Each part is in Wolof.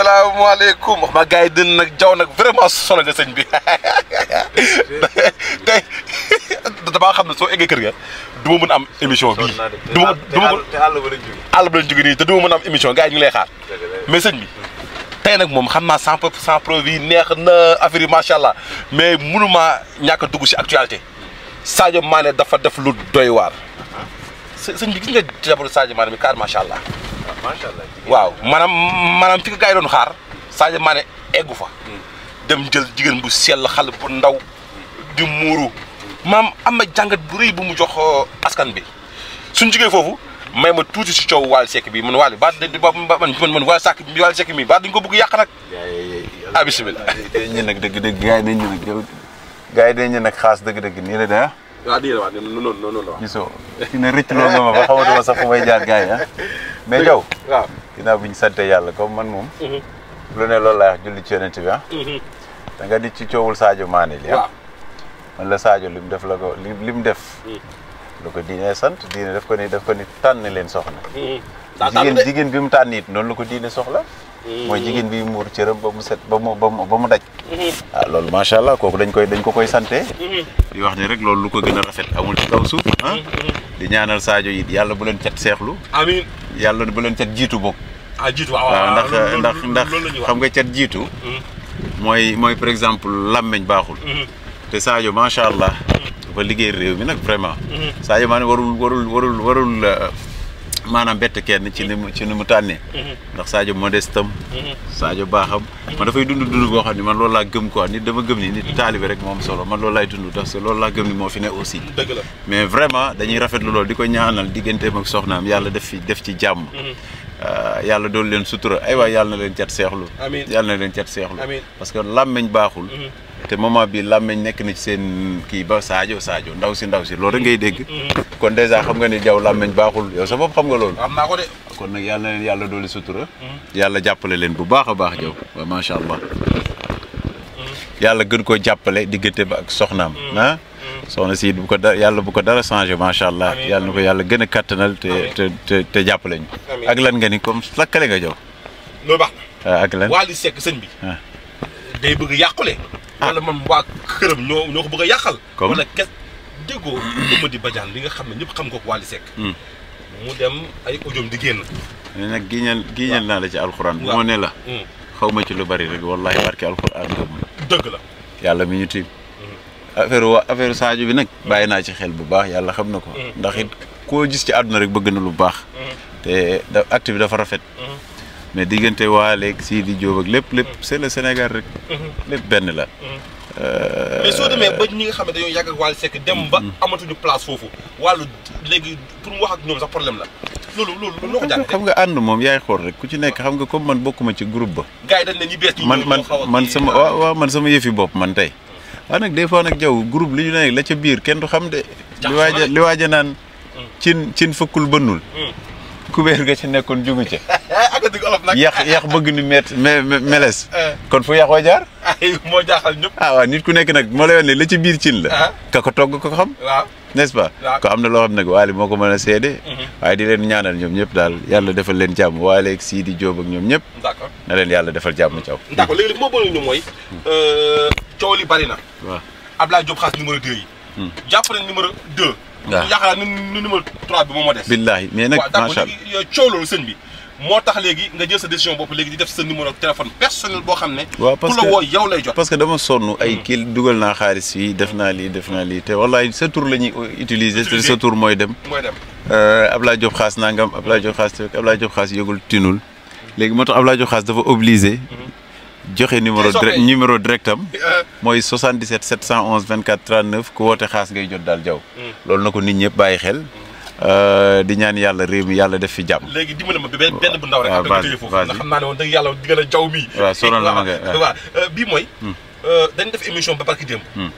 asalaamaaleykum wax ma gars dën nag jaw nag vraiment solo nga sëñ bi tey damaa xam ne soo eggee kër ga du ma am émission bii du ma du ma am émission gars yi ngi lay xaar mais sëñ bi tey nag moom xam naa cent pour cent produit neex na affaire yi macha allah mais mënuma ñàkk a dugg si actualité Sadio Mané dafa def lu doy waar ah. sëñ bi gis nga jabaru Sadio Mané kaar macha allah waaw maanaam maanaam fi ko gars yi doon xaar Sadio mane eggu fa. Hmm. dem jël jigéen bu sel xal bu ndaw. Hmm. di muuru. maam am na jàngat bu rëy bu mu jox uh, askan bi suñ jugee foofu may ma tuuti si coow Wally Seck bi man Wally ba man man Wally Seck bi Wally Seck mi ba dañ ko bëgg yàq nag. ah bisimilah. ñu nag dëgg dëgg gars yi dañ ñu nag yow xaas dëgg dëgg nii la de ah. waaw ah, nii la waaw noonu noonu la waaw. gisoo fi ne rëcc loolu nga ma ba xamatuma sax fu may jaar gars yi ah? mais Diaw waaw ginnaaw bi ñu sant yàlla comme man moom. Mhm. lu ne loolu laay wax julli ci yonent bi ah. Mhm. di ci coowul saajo Mané li ah. man la Sadio lim def la ko lim def. Mhm. lu ko diine sant diine daf ko ni daf ko ni tànn leen soxna. jigéen jigéen bi mu tànn it noonu la ko diine soxla. mooy jigéen bi muur cëram ba mu set ba mu ba mu ba mu daj. waaw ah, lool macha allah kooku dañ koy dañ ko koy sante di wax ni rek loolu lu ko gën a rafet amul ci kaw suuf ah. di ñaanal saajo it yàlla bu leen cat seexlu. yàlla bu leen cat jiitu bokk. ah jiitu waaw ndax ndax ndax xam nga cat jiitu. Hmm. mooy mooy par exemple làmmeñ baaxul. Hmm. te Sadio macha allah. Hmm. dafa liggéey réew mi nag vraiment. Sadio Mané warul warul warul warul. Euh, maanaam bett kenn ci ni mu ci ni mu tànnee. Mhm. ndax Sadio modestam mhm. Sadio baaxam. Mhm. man dafay dund dund boo xam ne man loolu laa gëm quoi nit dama gëm ni nit taalibe rek moom solo man loolu laay dund parce que loolu laa gëm ni moo fi ne aussi. dëgg la mais vraiment dañuy rafetlu loolu di ko ñaanal digganteem ak soxnaam yàlla def fi def ci jàmm. Euh, yàlla doon leen sutura ay waay yàlla na leen cat seexlu. amiin yàlla na leen cat seexlu. parce que làmmeñ baaxul. te moment bi làmmeñ nekk na ci seen kii ba Sadio Sadio ndaw si ndaw si loolu rek ngay dégg. kon dèjà xam nga ni jaw làmmeñ baaxul yow sa bopp xam nga loolu. am naa ko kon nag yàlla na leen yàlla doole sutura. Mm-hmm. yàlla jàppale leen bu baax a baax jaw waaw macha allah. Mm-hmm. yàlla gën koo jàppale diggante ba ak soxnaam. Mm-hmm. ah si bu ko da yàlla bu ko dara changé macha allah yàlla na ko yàlla gën a kattanal te ak lan nga ni comme lakkale nga jaw loolu baax na. Ah, ak lan Wally Seck sëñ bi. Ah. wala man waa këram ñoo ñoo ko bëgg a yàqal. wala kes déggoo di Badiane li nga xam ne ñëpp xam ko ak Wally Seck. Hmm. mu dem ay audio di génn. mais nag giñal giñal naa la ci alxuraan. moo ne la. Hmm. xaw ma ci lu bari rek wallahi barke alxuraan dëgg la. yàlla mi ñu tiim. Hmm. affaire wa affaire Sadio bi nag. bàyyi naa ci xel bu baax yàlla xam na ko. ndaxit koo gis ci àdduna rek bëgg na lu baax. te acte bi dafa rafet. mais diggante waaleeg Sidi Diop ak lépp lépp c'est le Sénégal rek. Mhm. lépp benn la. Mhm. ñi nga xam ne dañoo yàgg ak Wally Seck dem ba mhm. amatuñu foofu wàllu léegi pour mu wax ak la loolu loolu xam nga ànd moom yaay xool rek ku ci nekk xam nga comme man bokkuma ci groupe ba. gars yi dañ ne ñu man man man sama waaw waaw man sama yëfi bopp man tey. waaw nag des fois nag jaw groupe li ñu ne la ca biir kenn du xam de. li waaja li waaja naan cin cin fëkkul bënnul kubéer nga ci nekkoon jugu ci. ak dëgg olof nag yàq yàq bëgg ni met meles. Eh. kon fu yàq wa jaar. ay ah waaw nit ku nekk nag moo lay wax ne la ci biir cin la. Ah. ka ko togg ko xam. waaw n'est-ce ko am na loo xam ne waali moo ko mën a seede. Mhm. waaye di leen ñaanal ñoom ñëpp daal yàlla defal leen jàmm waale ak Sidi Diop ak ñoom ñëpp. d'accord na leen yalla defal jàmm caw. d'accord léegi li ma euh, li bari na. waaw Abdoulaye Diop Khass numéro 2 yi. Hmm. jàpp nañ waaw yaakaar naa nu numéro 3 bi moom moo des. billahi mais nag macha allah euh, coow loolu sëñ bi. moo tax léegi nga jël sa décision bopp léegi di def sa numéro téléphone personnel boo xam ne. waaw parce que ku la woo parce que dama sonn ay hmm. kii dugal naa xaalis fii def naa lii def naa lii te wallaay sa tur la ñuy tur mooy dem. mooy dem euh, Ablaye Diop xaas nangam Ablaye Diop xaas te Ablaye Diop xaas yëgul tinul hmm. léegi moo tax Ablaye Diop xaas dafa obligé. Hmm. joxe numéro direct numéro direct am euh. mooy 77 711 24 39 ku woote xaas ngay jot daal jaww. Hmm. loolu na ko nit ñëpp bàyyi xel. Euh, di ñaan yàlla réew mi yàlla def fi jàmm. léegi dimbali ma benn bu ndaw rek. waaw vas y vas y xam naa ne woon dëgg a jaww mi. waaw sonal euh, bii mooy. Hmm. dañ def émission ba barki démb. Hmm.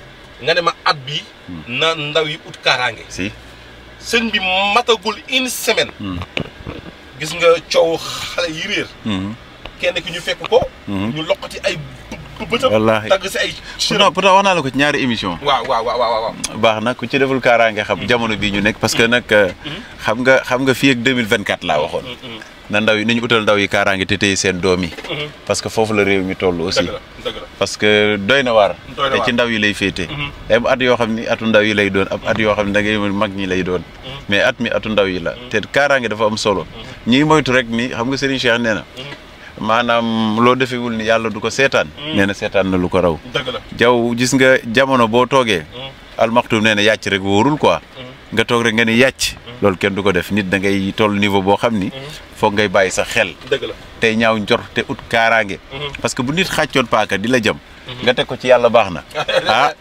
nga ne ma at bi na ndaw yi ut kaaraange. si sëñ bi matagul une semaine. gis nga coow xale yi réer. kenn ki ñu fekk ko. Mhm. ñu la ko ñaari émission waaw waaw waaw waaw. baax na ku ci deful kaaraange xam jamono bii ñu nekk parce que nag. Euh, mhm. xam nga xam nga fii ak 2024 laa waxoon. Mhm, na ndaw yi nañu utal ndaw yi kaaraange te téye seen doom yi. parce que foofu la rew mi toll aussi. parce que doy na waar. te ci ndaw yi lay féete. day am at yoo xam ni atu ndaw yi lay doon ab at yoo xam ne da ngay mag ñi lay doon. mais at mi atu ndaw yi la. te kaaraange dafa am solo. ñuy moytu rek ni xam nga Serigne Cheikh nee maanaam loo defewul ni yàlla du ko seetaan. Mm. nee na seetaan na lu ko raw. dëgg jaww gis nga jamono boo toogee. Mm. almaxtum nee yàcc rek wóorul quoi. Mm. nga toog rek nga ni yàcc. loolu kenn du ko def nit da ngay toll niveau boo xam ni. foog ngay bàyyi sax xel. dëgg la tey ñaaw njor te ut kaaraange. Mm-hmm. parce que bu nit xàccoon paaka di la jëm. Mm-hmm. nga teg ko ci yàlla baax na ah.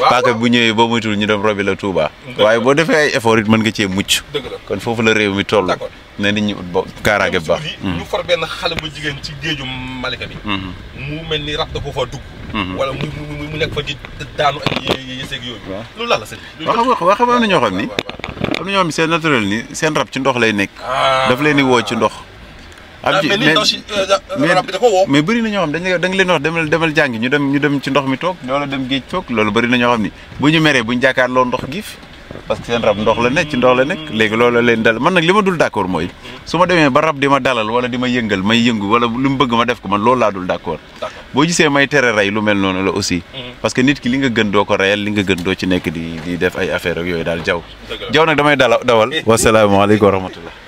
paaka bu ñëwee boo moytul ñu dem robi la tuubaa waaye boo defee ay effort mën nga cee mucc. kon foofu la réew mi toll. ne nit ñi ut ba kaaraange bu baax ñu for benn xale bu jigéen ci géeju Malika bi mm-hmm. mu mel ni rab da ko fa dugg mm-hmm. wala mu mu nekk fa di loolu la la sëñ bi am na ñoo xam ni am na ñoo xam ni seen naturel ni seen rab ci ndox lay nekk ah. daf leen di woo ci ndox ah, am ci mais euh, bëri na ñoo xam dañ da nga leen wax demal demal jàngi ñu dem ñu dem ci ndox mi toog loola dem géej toog loolu bëri na ñoo xam ni bu ñu meree bu ñu jàkkaarloo ndox giif parce que seen rab ndox la nekk ci ndox la nekk léegi loolu la leen dal man nag li ma dul d'accord mooy su ma demee ba rab di ma dalal wala di ma yëngal may yëngu wala lu mu bëgg ma def ko man loolu laa dul d'accord boo gisee may tere rey lu noonu la aussi mm-hmm. parce que nit ki li nga gën doo ko reyal li nga gën doo ci nekk di def ay affaire yooyu daal jaw jaw nag damay dala dawal wasalaamaaleykum wa rahmatullah